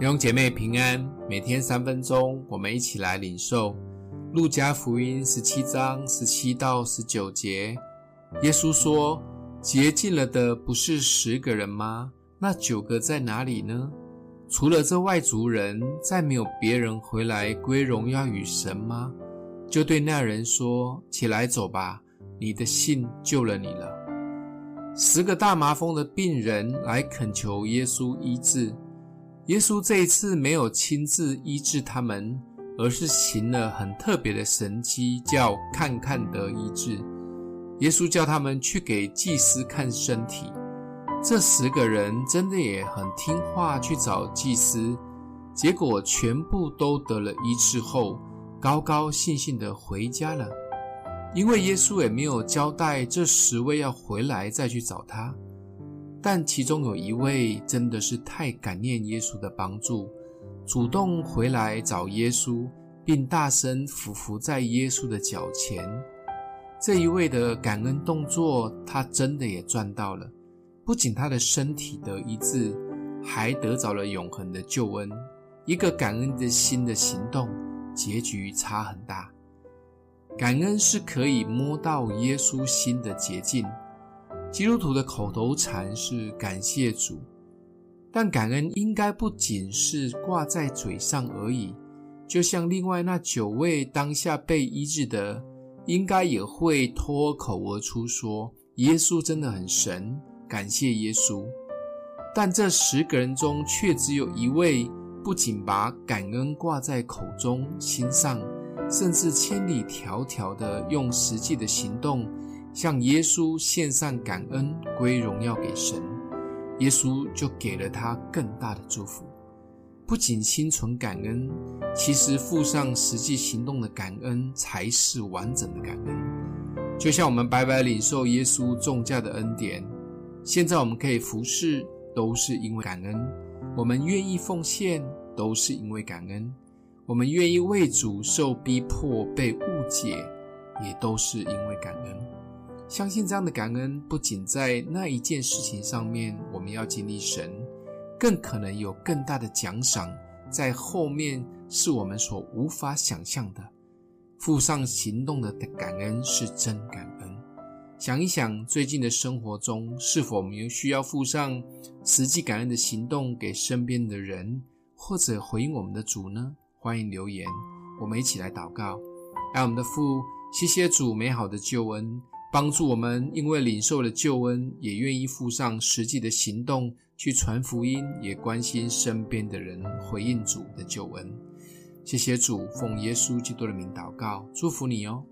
弟兄姐妹平安，每天三分鐘，我們一起來領受《路加福音》十七章十七到十九節。耶穌說：“潔淨了的不是十個人嗎？那九個在哪裡呢？除了這外族人，再沒有別人回來歸榮耀與神嗎？”就對那人說：“起來走吧，你的信救了你了。”十個大麻風的病人來懇求耶穌醫治。耶穌這一次沒有親自醫治他們，而是行了很特別的神蹟，叫“看看得醫治”。耶穌叫他們去給祭司看身體，這十個人真的也很聽話，去找祭司，結果全部都得了醫治後，高高興興的回家了。因為耶穌也沒有交代這十位要回來再去找他。但其中有一位真的是太感念耶穌的幫助，主動回來找耶穌，並大聲俯伏在耶穌的腳前。這一位的感恩動作，他真的也賺到了，不僅他的身體得醫治，還得着了永恆的救恩。一個感恩的心的行動，結局差很大。感恩是可以摸到耶穌心的捷徑。基督徒的口頭禪是感謝主，但感恩應該不僅是掛在嘴上而已。就像另外那九位當下被醫治的，應該也會脫口而出說：“耶穌真的很神，感謝耶穌。”但這十個人中，卻只有一位不僅把感恩掛在口中、心上，甚至千里迢迢地用實際的行動。向耶穌獻上感恩，歸榮耀給神，耶穌就給了他更大的祝福。不僅心存感恩，其實附上實際行動的感恩才是完整的感恩。就像我們白白領受耶穌重價的恩典，現在我們可以服侍，都是因為感恩；我們願意奉獻，都是因為感恩；我們願意為主受逼迫、被誤解，也都是因為感恩。相信這樣的感恩不僅在那一件事情上面，我們要經歷神，更可能有更大的獎賞在後面，是我們所無法想象的。附上行動的感恩是真感恩。想一想，最近的生活中是否我們有需要附上實際感恩的行動給身邊的人，或者回應我們的主呢？歡迎留言，我們一起來禱告。愛我們的父，謝謝主美好的救恩。幫助我們，因為領受了救恩，也願意付上實際的行動去傳福音，也關心身邊的人回應主的救恩。謝謝主，奉耶穌基督的名禱告，祝福你哦。